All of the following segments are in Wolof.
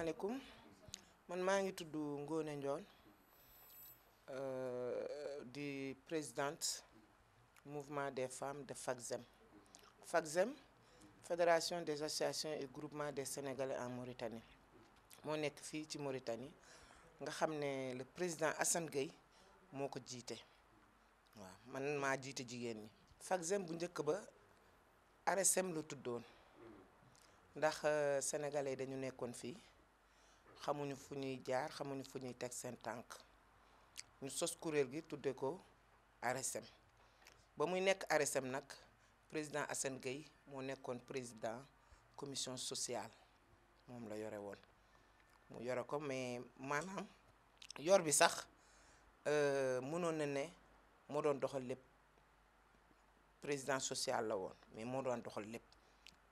asalaamaaleykum man maa ngi tudd Ngone Ndione euh, di présidente mouvement des femmes de FAGSEM FAGSEM fédération des associations et groupement des sénégalais en Mauritanie moo nekk fii ci Mauritanie nga xam ne le président Assane moo ko jiite waaw man maa jiite jigéen ñi FAGSEM bu njëkk ba ARSM la tuddoon ndax euh, sénégalais dañu nekkoon fii xamuñu fu ñuy jaar xamuñu fu ñuy teg seen tànk ñu sos kuréel gi tuddee ko ARSM ba muy nekk ARSM nag président Assane Gueye moo nekkoon président commission sociale moom la yore woon mu yore ko mais maanaam yor bi sax euh, mënoon na ne moo doon doxal lépp président social la woon mais moo doon doxal lépp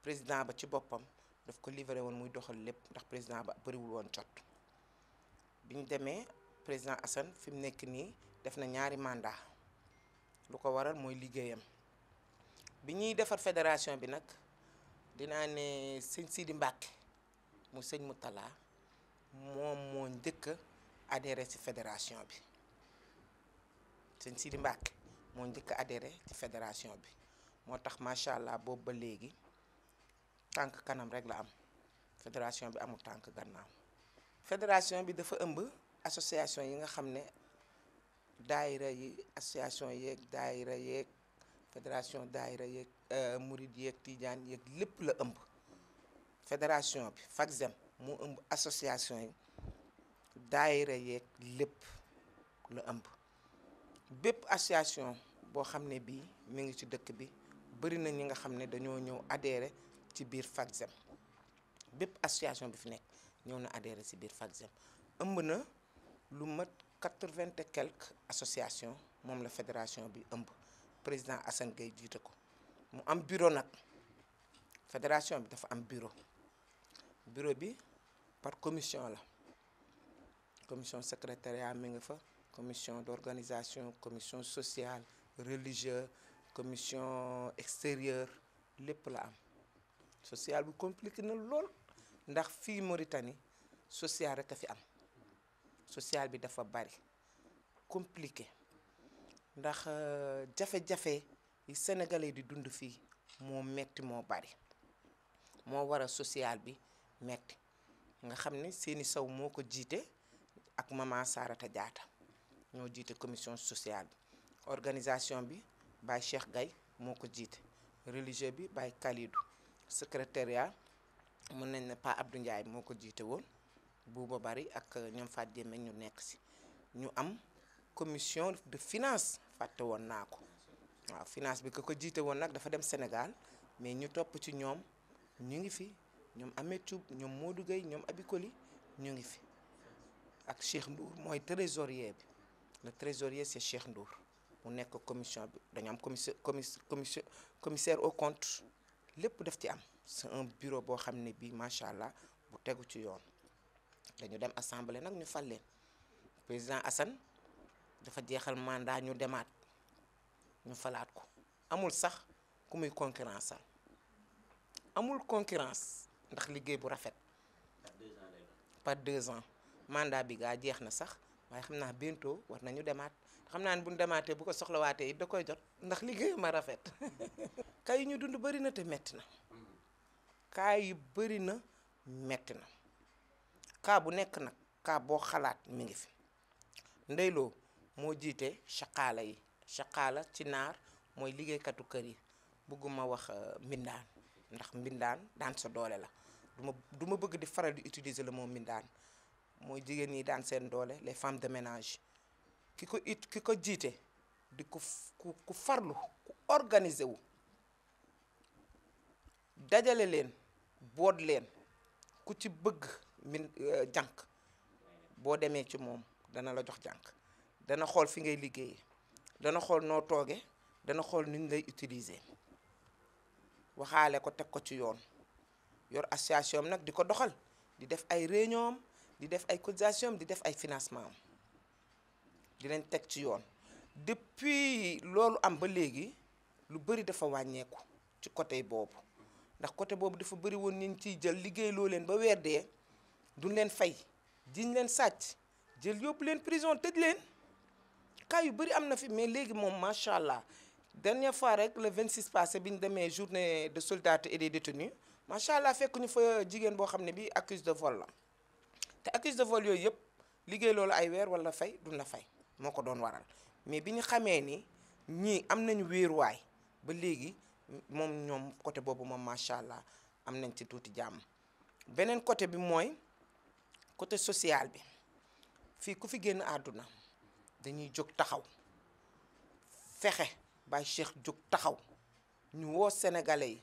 président ba ci boppam daf ko livré woon muy doxal lépp ndax président ba bëriwul woon jot bi ñu demee président Assane fi mu nekk nii def na ñaari mandat lu ko waral mooy liggéeyam bi ñuy defar fédération bi nag dinaa ne sëñ Sidi Mbacke mu sëñ Moutala moom moo njëkk a adhéré ci fédération bi sëñ Sidi Mbacke moo njëkk a ci fédération bi moo tax macha allah boobu ba léegi. tànk kanam rek la am fédération bi amul tànk gannaaw fédération bi dafa ëmb association yi nga xam ne daayira yi association yeeg daayira yeeg fédération daayira yeeg euh, murid yeeg tijaan yeeg lépp la ëmb fédération bi FACSEM mu ëmb association yi daayira yeeg lépp la ëmb bépp association boo xam ne bii mu ngi ci dëkk bi bëri na ñi nga xam ne dañoo ñëw adhéré ci biir FACSEM bépp association bi fi nekk ñëw na adhéré si biir FACSEM ëmb na lu mat quatre-vingt et quelques association moom la fédération bi ëmb président Assane Gueye jiite ko mu am bureau nag fédération bi dafa am bureau bureau bi par commission la commission secrétariat mi nga fa commission d'organisation commission sociale religieux commission extérieure lépp la am social bi compliquer na lool ndax fii Mauritanie social rek a fi am sociale bi dafa bari compliqué ndax euh, jafe-jafe yi sénégalais di dund fii moo metti moo bari moo war a social bi metti nga xam ne seeni saw moo ko jiite ak maman Sarata jaata ñoo jiite commission sociale bi organisation bi Baye Cheikh Gaye moo ko jiite religieux bi Baye Kalidou secrétariat mën nañ ne Pa Abdou Ndiaye moo ko jiite woon buuba bari ak euh, ñoom Fatou Diémé ñu nekk si ñu am commission de finance fàtte woon naa ko waaw finance bi ko ko jiite woon nag dafa dem Sénégal mais ñu topp ci ñoom ñu ngi fi ñoom Ameth Thioub ñoom Modou Gueye ñoom Abikoli ñu ngi fi ak Cheikh Ndour mooy trésorier bi le trésorier c'est Cheikh Ndour mu nekk commission bi dañu am commissaire commissaire commissaire au compte lépp def ci am c'est un bureau boo xam ne bii macha allah bu tegu ci yoon dañu dem assemblée nag ñu fal leen président Assane dafa jeexal mandat ñu demaat ñu falaat ko amul sax ku muy concurrence amul concurrence ndax liggéey bu rafet. par deux ans mandat bi gaa jeex na sax waaye xam naa bientôt war nañu demaat. xam naa ne bu ñu demaatee bu ko soxlawaatee it da koy jot ndax liggéeyam a rafet cas yi ñu dund bëri na te metti na cas yi bëri na metti na cas bu nekk nag cas boo xalaat mi ngi fi ndeyloo moo jiite chaqaala yi chaqaala ci naar mooy liggéeykatu kër yi bëgguma wax euh, mbindaan ndax mbindaan daan sa doole la duma duma bëgg di faral di utiliser la mot mbindaan mooy jigéen ñi daan seen doole les femmes de ménage ki ko it ki ko jiite di ku ku farlu ku organiser wu dajale leen boot leen ku ci bëgg min euh, jànq boo demee ci moom dana la jox jànq dana xool fi ngay liggéeyee dana xool noo tooge dana xool niñ lay utiliser waxaale ko teg ko ci yoon yor association nag di ko doxal di def ay réunion di def ay cotisation di def ay financement am di leen teg ci yoon depuis loolu am ba léegi lu bëri dafa wàññeeku ci côté boobu ndax côté boobu dafa bëri woon ñu ciy jël liggéey loo leen ba weer dee duñ leen fay jiñ leen sàcc jël yóbbu leen prison tëj leen cas yu bëri am na fi mais léegi moom macha allah dernière fois rek le 26 passé bi ñu demee journée de solidarité et des détenus macha allah fekk ñu fa jigéen boo xam ne bi accuse de vole la te accuse de vole yooyu yëpp liggéey loolu a weer wala fay duñ la fay. moo ko doon waral mais bi ñu xamee ni ñii am nañu wéeruwaay ba léegi moom ñoom côté boobu moom macha allah am nañ ci tuuti jàmm beneen côté bi mooy côté social bi fii ku fi génn àdduna dañuy jóg taxaw fexe Baye Cheikh jóg taxaw ñu woo sénégalais yi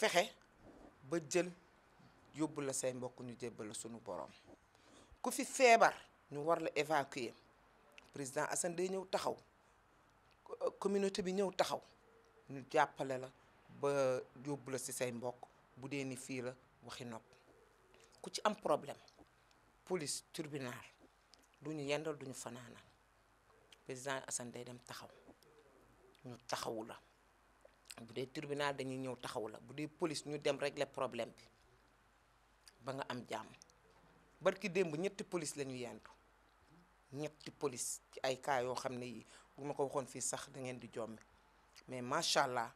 fexe ba jël yóbbu la say mbokk ñu jébbal la sunu boroom ku fi feebar ñu war la évacuer président Assane day ñëw taxaw communauté bi ñëw taxaw ñu jàppale la ba yóbbu la ci say mbokk bu dee ni fii la waxi nopp ku ci am problème police tribunal duñu yendal duñu fanaana président Assane day dem taxaw ñu taxawu la bu dee tribunal dañuy ñëw taxawu la bu dee police ñu dem régler problème bi ba nga am jàmm barki démb ñetti police la ñu yendu ñetti police ci ay cas yoo xam ne yi bu ma ko waxoon fii sax da ngeen di jommi mais macha allah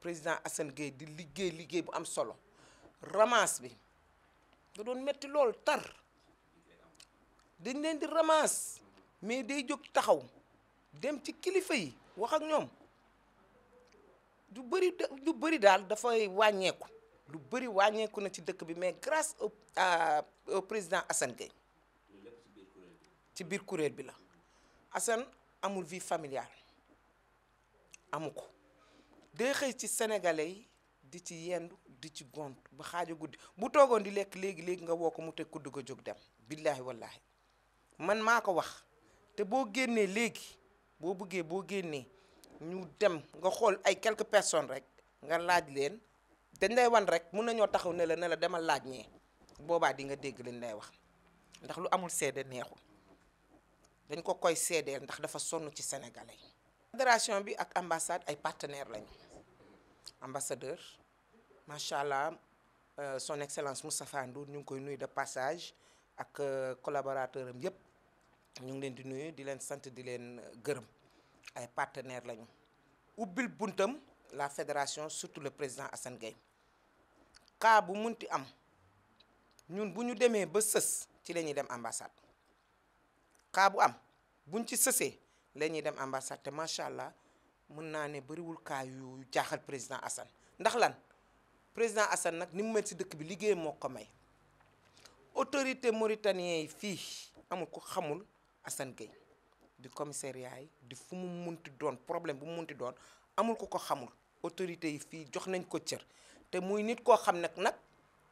président Assane Gueye di liggéey liggéey bu am solo ramasse bi da doon metti lool tar dañ leen di ramasse mais day jóg taxaw dem ci kilifa yi wax ak ñoom du bëri du bëri daal dafay wàññeeku lu bëri wàññeeku na ci dëkk bi mais grâce au président Assane Gueye ci biir kuréel bi la Assane amul vie familiale amuko ko xëy ci sénégalais yi di ci yendu di ci gont ba xaaja guddi bu toogoon di lekk léegi léegi nga woo ko mu teg kudd ko jóg dem billaahi wallaahi man maa ko wax te boo génnee léegi boo buggee boo génnee ñu dem nga xool ay quelques personnes rek nga laaj leen dañ lay wan rek mun nañoo taxaw ne la ne la demal laaj ñee boobaa di nga dégg liñ lay wax ndax lu amul sedd neexul dañ ko koy seedeel ndax dafa sonn ci sénégalais yi. fédération bi ak ambassade ay partenaires lañu ambassadeur macha allah euh, son excellence Moustapha Ndour ñu ngi koy nuyu de passage ak euh, collaborateur am yëpp ñu ngi leen di nuyu di leen sant di leen gërëm ay partenaires lañu. ubbil buntam la fédération surtout le président Assane Gueye cas bu munti am ñun bu ñu demee ba sës ci la ñuy dem ambassade. cas bu am buñ ci sësee la ñuy dem ambassade te macha allah mun naa ne bëriwul cas yu jaaxal président Assane ndax lan président assan nag ni mu mel si dëkk bi liggéey moo ko may autorité mauritanien yi fii amul ku xamul Assane Gueye di commissariat yi di fu mu munti doon problème bu mu munti doon amul ku ko xamul autorité yi fii jox nañ ko cër te muy nit koo xam nag nag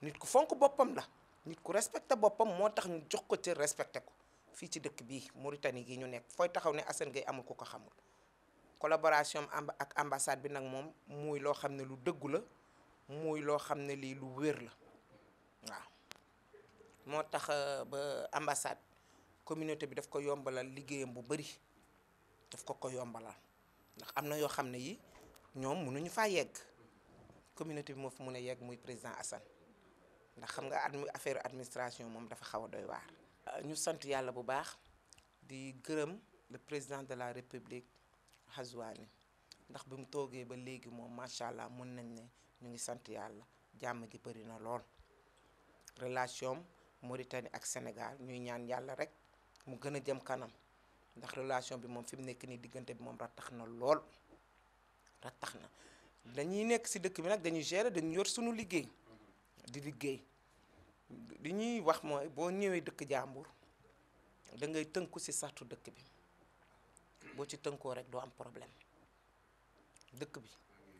nit ku fonk boppam la nit ku respecté boppam moo tax ñu jox ko cër respecté ko fii ci dëkk bi Mauritanie gi ñu nekk fooy taxaw ne Assane ngay amul ku ko xamul collaboration am ak ambassade bi nag moom muy loo xam ne lu dëggu la muy loo xam ne lii lu wér la waaw moo tax euh, ba ambassade communauté bi daf ko yombalal liggéeyam bu bari daf ko ko yombalal ndax am na yoo xam ne yi ñoom mënuñu faa yegg communauté bi moo fi mën a yegg muy président Assane ndax xam nga admi affaire administration moom dafa xaw a doy waar Euh, ñu sant yàlla bu baax di gërëm le président de la république Ghazouani ndax bi mu toogee ba léegi moom macha allah mun nañ ne ñu ngi sant yàlla jàmm ji bëri na lool. relation Mauritanie ak Sénégal ñuy ñaan yàlla rek mu gën a jëm kanam ndax relation bi moom fi mu nekk nii diggante bi moom rattax na lool rattax na dañuy nekk ci dëkk bi nag dañuy gérer dañuy yor suñu liggéey di liggéey. li ñuy wax mooy boo ñëwee dëkk jaambur da ngay tënku ci sartu dëkk bi boo ci tënkoo rek doo am problème dëkk bi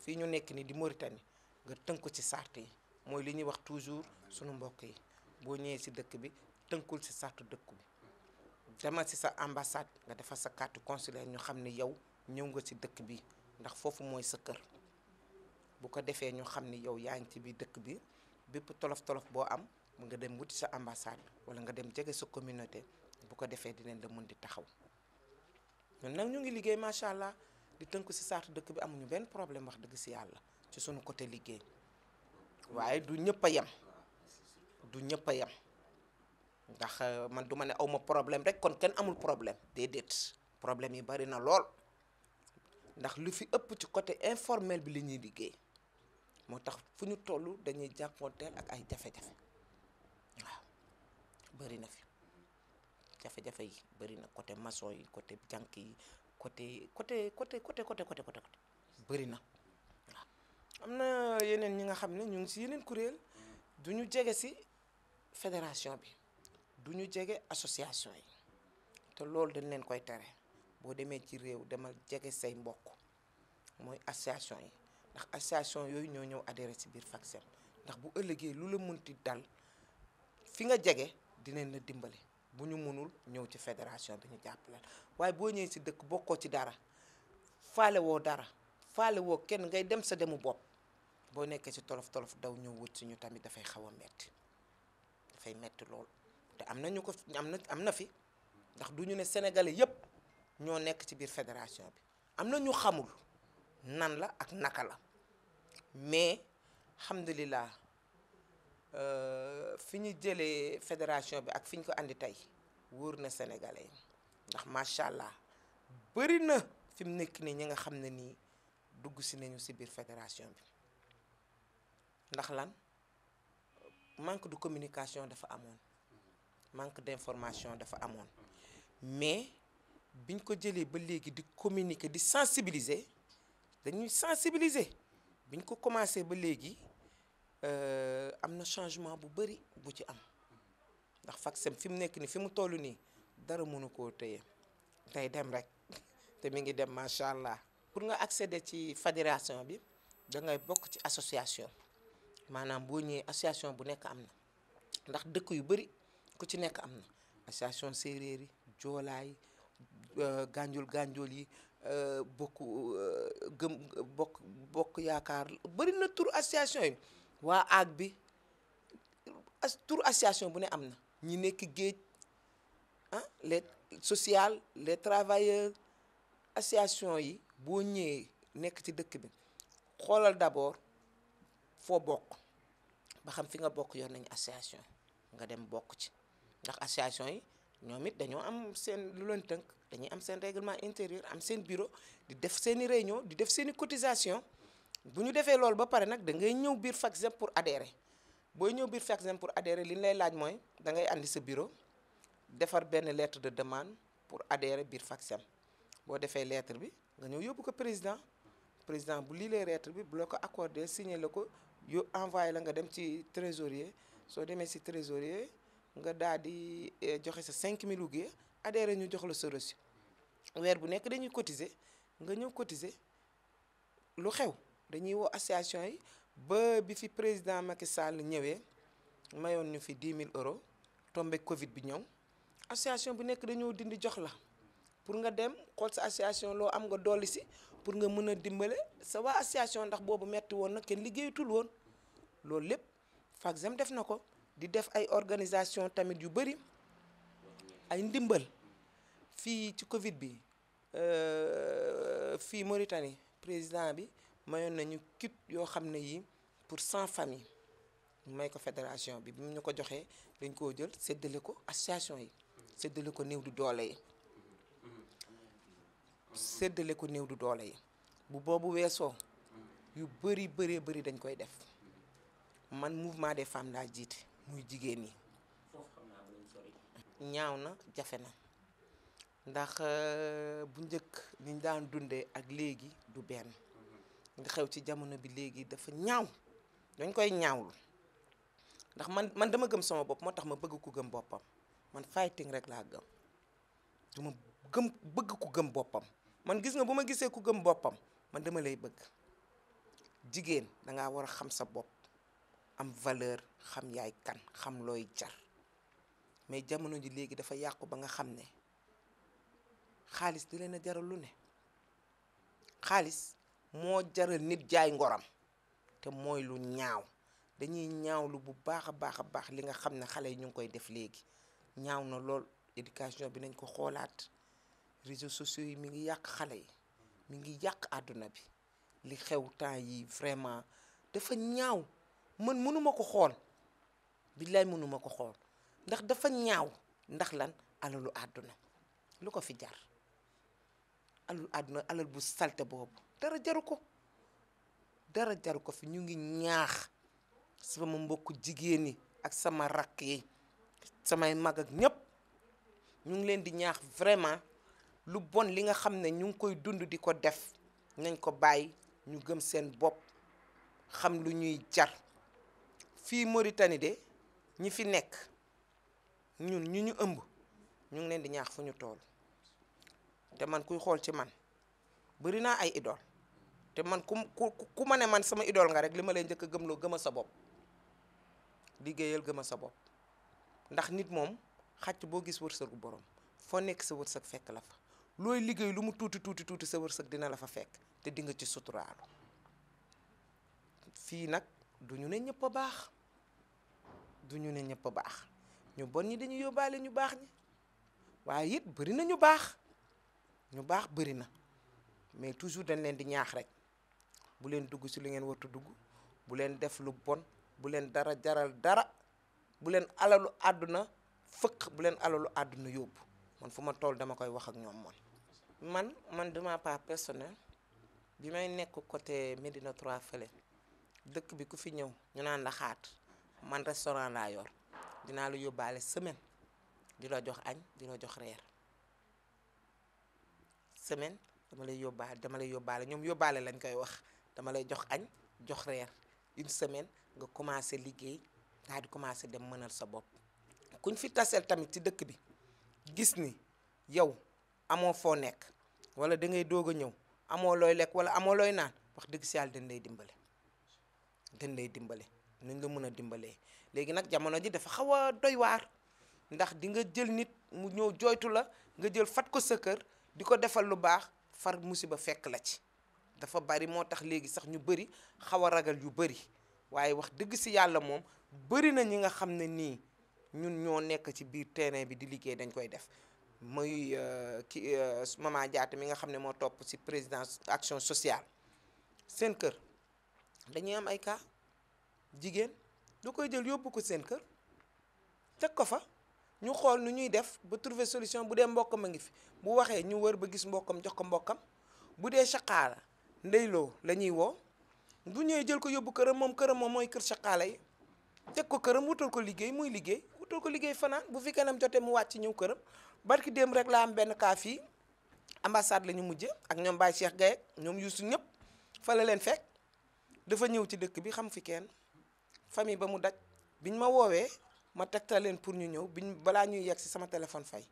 fii ñu nekk ni di ni nga tënku ci sart yi mooy li ñuy wax toujours sunu mbokk yi boo ñëwee ci dëkk bi tënkul ci sartu dëkk bi demal ci sa ambassade nga defal sa carte consulaire ñu xam ni yow ñëw nga ci dëkk bi ndax foofu mooy sa kër bu ko defee ñu xam ni yow yaa ngi ci biir dëkk bi bépp tolof tolof boo am mu nga dem wuti sa ambassade wala nga dem jege sa communauté bu ko defee dinañ la mun di taxaw ñun nag ñu ngi liggéey macha allah di tënku si saatu dëkk bi amuñu benn problème wax dëgg si yàlla ci sunu côté liggéey waaye du ñëpp a yem du ñëpp a yem ndax euh, man du ma ne awma problème rek kon kenn amul problème déedéet problème yi bari na lool ndax lu fi ëpp ci côté informel bi li ñuy liggéey moo tax fu ñu toll dañuy jàppoonteel ak ay jafe-jafe bëri na fi jafe-jafe yi bëri na côté maçon yi côté jànk yi côté côté côté côté côté côté côté bëri na waaw. am na yeneen ñi nga xam ne ñu ngi si yeneen kuréel du ñu jege si fédération bi du ñu jege association yi te loolu dañ leen koy tere boo demee ci réew demal jege say mbokk mooy association yi ndax association yooyu ñoo ñëw adhéré si biir FACSEM ndax bu ëllëgee lu la munti dal fi nga jege. dinañ la dimbali bu ñu mënul ñëw ci fédération bi ñu jàppale waaye boo ñëwee si dëkk bokkoo ci dara faale woo dara faale woo kenn ngay dem sa demu bopp boo nekkee si tolof tolof daw ñëw wut si ñu tamit dafay xaw a metti dafay metti lool te am na ñu ko am na am na fi ndax du ñu ne sénégalais yépp ñoo nekk ci biir fédération bi am na ñu xamul nan la ak naka la mais alhamdulilah Euh, fi ñu jëlee fédération bi ak fi ñu ko andi tey wóor na sénégalais ndax macha allah bëri na fi mu nekk nii ñi nga xam ne nii dugg si nañu si biir fédération bi ndax lan manque de communication dafa amoon manque d'information dafa amoon biñ ko jëlee ba léegi di communique di sensibiliser dañuy sensibiliser biñ ko commencé ba léegi. Euh, am na changement bu bëri bu ci am ndax FACSEM fi mu nekk nii fi mu toll nii dara munu koo téye tey dem rek te mi ngi dem macha allah. pour nga accéder ci fédération bi da bokk ci association maanaam boo ñëwee association bu nekk am na ndax dëkk yu bëri ku ci nekk am na association séeréer yi joolaay gànjul gànjul yi euh, euh, bokk gëm bokk bokk yaakaar bëri na tur association yi. waa aag bi tour association bu ne am na ñi nekk géej ah les social les travailleurs association yi boo ñëwee nekk ci dëkk bi xoolal d'abord foo bokk ba xam fi nga bokk yoon nañu association nga dem bokk ci ndax association yi ñoom it dañoo am seen lu leen tënk dañuy am seen réglement intérieur am seen bureau di def seeni réunion di def seeni cotisation bu ñu defee loolu ba pare nag da ngay ñëw biir FACSEM pour adhérer booy ñëw biir FACSEM pour adhérer li ñu lay laaj mooy da ngay andi sa biro defar benn lettre de demande pour adhérer biir FACSEM boo defee lettre bi nga ñëw yóbbu ko président président bu lii lay lettre bi bu la ko accordé signé la ko yo envoyé la nga dem ci trésor trésorier soo demee si trésorier nga daal di eh, joxe sa 5000 wugee adhéré ñu jox la sa reçu weer bu nekk dañuy cotiser nga ñëw cotiser lu xew dañuy woo association yi ba bi fi président Macky Sall ñëwee mayoon ñu fi 10 mille euro tombe Covid bi ñëw association bu nekk dañoo dindi jox la pour nga dem xool sa association loo am nga dolli si pour nga mën a dimbale sa waa association ndax boobu metti woon nag kenn liggéeyatul woon loolu lépp FACSEM def na ko di def ay organisation tamit yu bëri ay ndimbal fii ci Covid bi euh, fii Mauritanie président bi. mayoon nañu kit yoo xam ne yi pour cent familles may ko fédération bi bi mu ñu ko joxee dañ koo jël séddale ko association yi séddale ko néew du doole yi séddale ko néew du doole yi bu boobu weesoo yu bëri bëree bëri dañ koy def man mouvement des femmes laa jiite muy jigéen ñi ñaaw na jafe na ndax euh, bu njëkk niñ daan dundee ak léegi du benn nga xew ci jamono bi léegi dafa ñaaw dañ koy ñaawlu ndax man man dama gëm sama bopp moo tax ma bëgg ku gëm boppam man fighting rek laa gëm du ma gëm bëgg ku gëm boppam man gis nga bu ma gisee ku gëm boppam man dama lay bëgg jigéen dangaa war a xam sa bopp am valeur xam yaay kan xam looy jar mais jamono ji léegi dafa yàqu ba nga xam ne xaalis di leen a jaral lu ne xaalis moo jaral nit jaay ngoram te mooy lu ñaaw dañuy ñaawlu bu baax a baax a baax li nga xam ne xale yi ñu ngi koy def léegi ñaaw na lool éducation bi nañ ko xoolaat réseaux sociaux yi mi ngi yàq xale yi mi ngi yàq àdduna bi li xew temps yi vraiment dafa ñaaw man mënuma ko xool billaay mënuma ko xool ndax dafa ñaaw ndax lan alalu àdduna lu ko fi jar alalu àdduna alal bu salte boobu dara jaru ko dara jaru ko fi ñu ngi ñaax sama mbokku jigéen yi ak sama rakk yi samay mag ak ñépp ñu ngi leen di ñaax vraiment lu bon li nga xam ne ñu ngi koy dund di ko def nañ ko bàyyi ñu gëm seen bopp xam lu ñuy jar fii Mauritanie de ñi fi nekk ñun ñu ñu ëmb ñu ngi leen di ñaax fu ñu tool te man kuy xool ci man bari naa ay idole te man ku ku ku ma ne man sama idole nga rek li ma lay njëkk gëmloo gëma sa bopp liggéeyal gëma sa bopp ndax nit moom xàcc boo gis wërsëgu borom foo nekk sa wërsëg fekk la fa looy liggéey lu mu tuuti tuuti tuuti sa wërsëg dina la fa fekk te di nga ci suturaalu fii nag du ñu ne ñëpp a baax du ñu ne ñëpp a baax ñu bon ñi dañu yóbbaale ñu baax ñi waaye it bëri na ñu baax ñu baax bëri na mais toujours dañ leen di ñaax rek bu leen dugg ci li ngeen wartu dugg bu leen def lu bon bu leen dara jaral dara bu leen alalu àdduna fëkk bu leen alalu àdduna yóbbu man fu ma toll dama koy wax ak ñoom man man man de ma part bi may nekk côté Médina 3 fële dëkk bi ku fi ñëw ñu naan ndaxaat man restaurant laa yor dinaa la yóbbaale semaine di la jox añ di la jox reer semaine dama lay yóbbaale dama lay yóbbaale ñoom yóbbaale lañ koy wax dama lay jox añ jox reer une semaine nga commencé liggéey daal di commencé dem mënal sa bopp kuñ fi taseel tamit ci dëkk bi gis ni yow amoo foo nekk wala da ngay doog a ñëw amoo looy lekk wala amoo looy naan wax dëgg si yàlla dañ lay dimbale dañ lay dimbale nuñ la mën a dimbalee léegi nag jamono ji dafa xaw a doy ndax di nga jël nit mu ñëw jooytu la nga jël fat ko sa kër di ko defal lu baax far musiba fekk la ci dafa bari moo tax léegi sax ñu bari xaw a ragal yu bari waaye wax dëgg si yàlla moom bari na ñi nga xam ne nii ñun ñoo nekk ci biir terrain bi di liggéey dañ koy def muy euh, ki euh, maman Diatta mi nga xam ne moo topp ci président action sociale seen kër dañuy am ay cas jigéen du koy jël yóbbu ko seen kër teg ko fa ñu xool nu ñuy def ba trouver solution bu dee mbokkam a ngi fi bu waxee ñu wër ba gis mbokkam jox ko mbokkam bu dee saqaala ndeyloo la ñuy woo bu ñëwee jël ko yóbbu këram moom këram moom mooy kër saqaala yi teg ko këram wutal ko liggéey muy liggéey wutal ko liggéey fanaan bu fi kanam jotee mu wàcc ñëw këram barki démb rek laa am benn kaafi fii ambassade la ñu mujje ak ñoom Baye Cheikh Gaye ñoom Youssou ñëpp fa la leen fekk dafa ñëw ci dëkk bi xam fi kenn famille ba mu daj biñ ma woowee ma tegtal leen pour ñu ñëw bi ñu balaa ñuy yegg si sama téléphone fay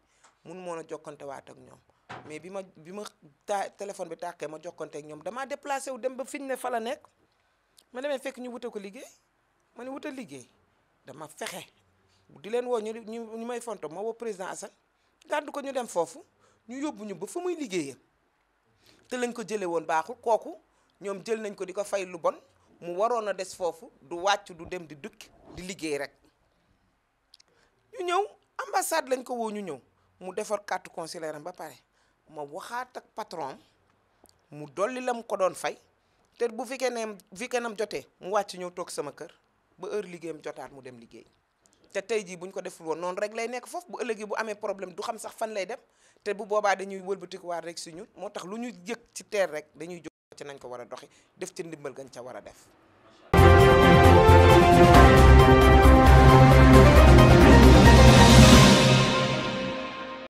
mun moon a jokkante waat ak ñoom mais bi ma bi ma taa téléphone bi tàkkee ma jokkanteek ñoom damaa déplacé wu dem ba fi ñu ne fa la nekk ma demee fekk ñu wuta ko liggéey ma ne wuta liggéey dama fexe di leen woo ñu ñu may fonto ma woo président Assane gàddu ko ñu dem foofu ñu yóbbu ba fa muy liggéeyee te lañ ko jëlee woon baaxul kooku ñoom jël nañ ko di ko fay lu bon mu waroon a des foofu du wàcc du dem di dukki di liggéey rek ñu ñëw ambassade lañ ko woo ñu ñëw mu defar carte consulaire ba pare ma waxaat ak patron mu dolli la mu ko doon fay te bu fekkee ne weekend am jotee mu wàcc ñëw toog sama kër ba heure liggéeyam jotaat mu dem liggéey te tey jii bu ñu ko deful woon noonu rek lay nekk foofu bu ëllëgee bu amee problème du xam sax fan lay dem te bu boobaa dañuy wëlbatikuwaat rek si ñun moo tax lu ñu yëg ci teer rek dañuy jóg ci nañ ko war a doxi def ci ndimbal gañ ca war a def